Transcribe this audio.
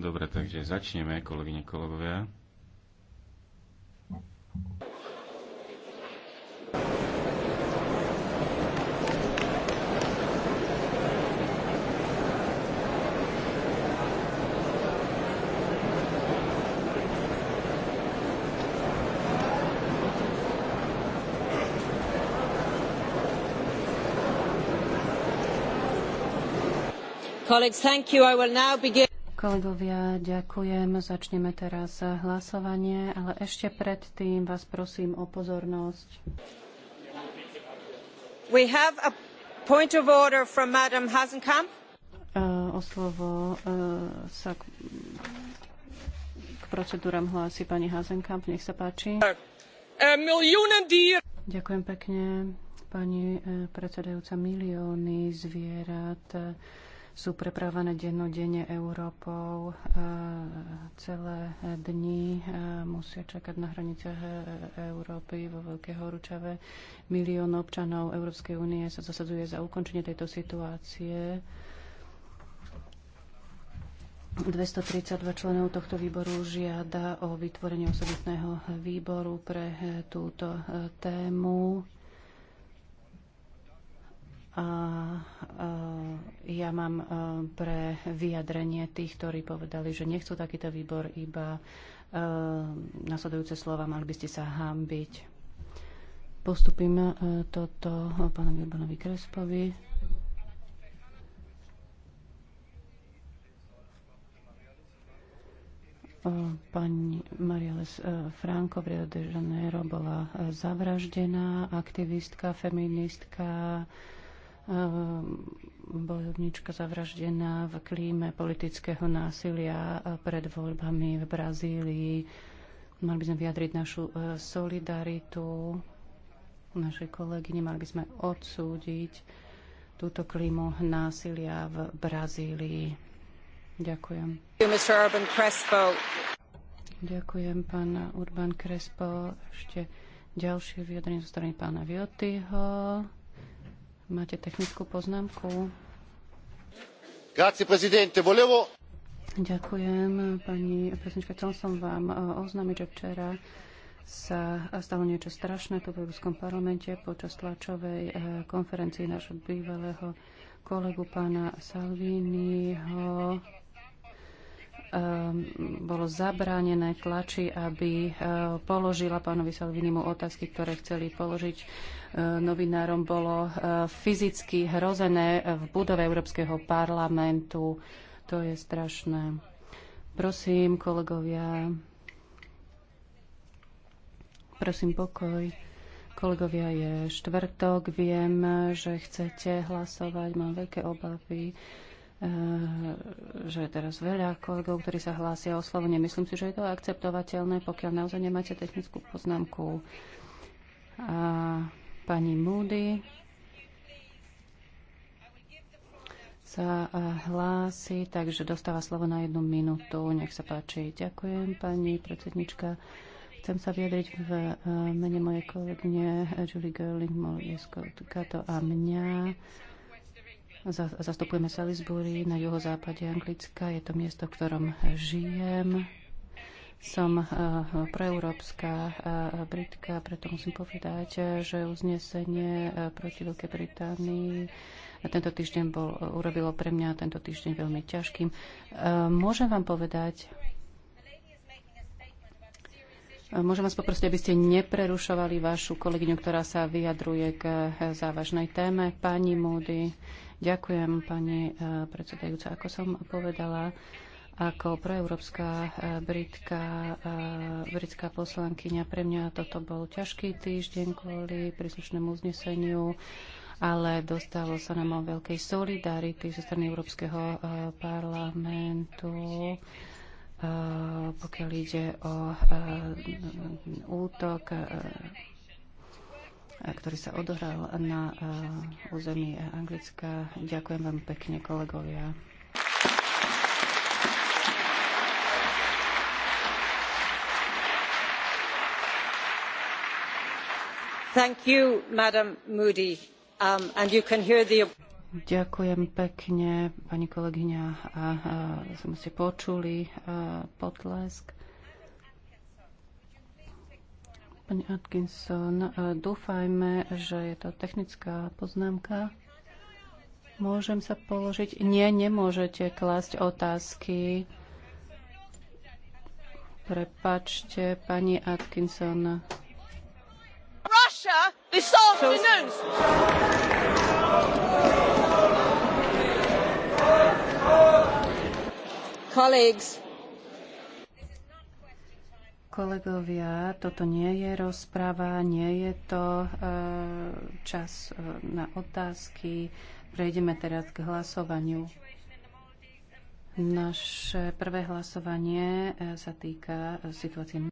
Dobre, takže začneme, kolegyne, kolegovia. colleagues thank you i will now begin. Kolegovia, ďakujem. Začneme teraz hlasovanie, ale ešte predtým vás prosím o pozornosť. We have a point of order from Madam Hasenkamp. Uh, e, o slovo uh, sa k, k procedúram hlási pani Hasenkamp. Nech sa páči. E, ďakujem pekne, pani predsedajúca. Milióny zvierat uh, sú prepravené dennodenne Európou. E, celé dni e, musia čakať na hraniciach e, Európy vo veľké horúčave. Milión občanov Európskej únie sa zasaduje za ukončenie tejto situácie. 232 členov tohto výboru žiada o vytvorenie osobitného výboru pre túto tému. A, ja mám pre vyjadrenie tých, ktorí povedali, že nechcú takýto výbor, iba nasledujúce slova, mali by ste sa hámbiť. Postupím toto pánovi Urbanovi Krespovi. Pani Maria e, Franco v Rio de Janeiro bola zavraždená, aktivistka, feministka, Ehm, bojovnička zavraždená v klíme politického násilia eh, pred voľbami v Brazílii. Mali by sme vyjadriť našu eh, solidaritu našej kolegyne, mali by sme odsúdiť túto klímu násilia v Brazílii. Ďakujem. Ďakujem, pán Urban Crespo. Ešte ďalšie vyjadrenie zo strany pána Viotyho. Máte technickú poznámku? Grazie, presidente. Volevo... Ďakujem, pani predsednička. Chcel som vám e, oznámiť, že včera sa stalo niečo strašné tu v Európskom parlamente počas tlačovej e, konferencii nášho bývalého kolegu pána Salviniho Ehm, bolo zabránené tlači, aby e, položila pánovi Salvinimu otázky, ktoré chceli položiť e, novinárom, bolo e, fyzicky hrozené v budove Európskeho parlamentu. To je strašné. Prosím, kolegovia, prosím pokoj. Kolegovia, je štvrtok, viem, že chcete hlasovať, mám veľké obavy. Eh, že je teraz veľa kolegov, ktorí sa hlásia o slovo. Nemyslím si, že je to akceptovateľné, pokiaľ naozaj nemáte technickú poznámku. A pani Moody sa eh, hlási, takže dostáva slovo na jednu minútu. Nech sa páči. Ďakujem, pani predsednička. Chcem sa vyjadriť v eh, mene mojej kolegyne Julie Gerling, Molly Scott, Kato a mňa Zastupujeme Salisbury na juhozápade Anglicka. Je to miesto, v ktorom žijem. Som eh, proeurópska eh, Britka, preto musím povedať, že uznesenie eh, proti Veľkej Británii tento týždeň bol, urobilo pre mňa tento týždeň veľmi ťažkým. Môžem vám povedať, Môžem vás poprosiť, aby ste neprerušovali vašu kolegyňu, ktorá sa vyjadruje k závažnej téme. Pani Múdy, ďakujem, pani eh, predsedajúca. Ako som povedala, ako proeurópska eh, britka, eh, britská poslankyňa. Pre mňa toto bol ťažký týždeň kvôli príslušnému uzneseniu, ale dostalo sa nám o veľkej solidarity zo strany Európskeho parlamentu Eh, pokiaľ ide o eh, útok eh, ktorý sa odohral na území Anglicka. Ďakujem vám pekne, kolegovia. Thank you, Madam Moody. Um, and you can hear the... Ďakujem pekne, pani kolegyňa. A, a som si počuli a, potlesk. Pani Atkinson, a, dúfajme, že je to technická poznámka. Môžem sa položiť? Nie, nemôžete klásť otázky. Prepačte, pani Atkinson. Russia Kolegovia, toto nie je rozprava, nie je to e, čas e, na otázky. Prejdeme teraz k hlasovaniu. Naše prvé hlasovanie e, sa týka situácie.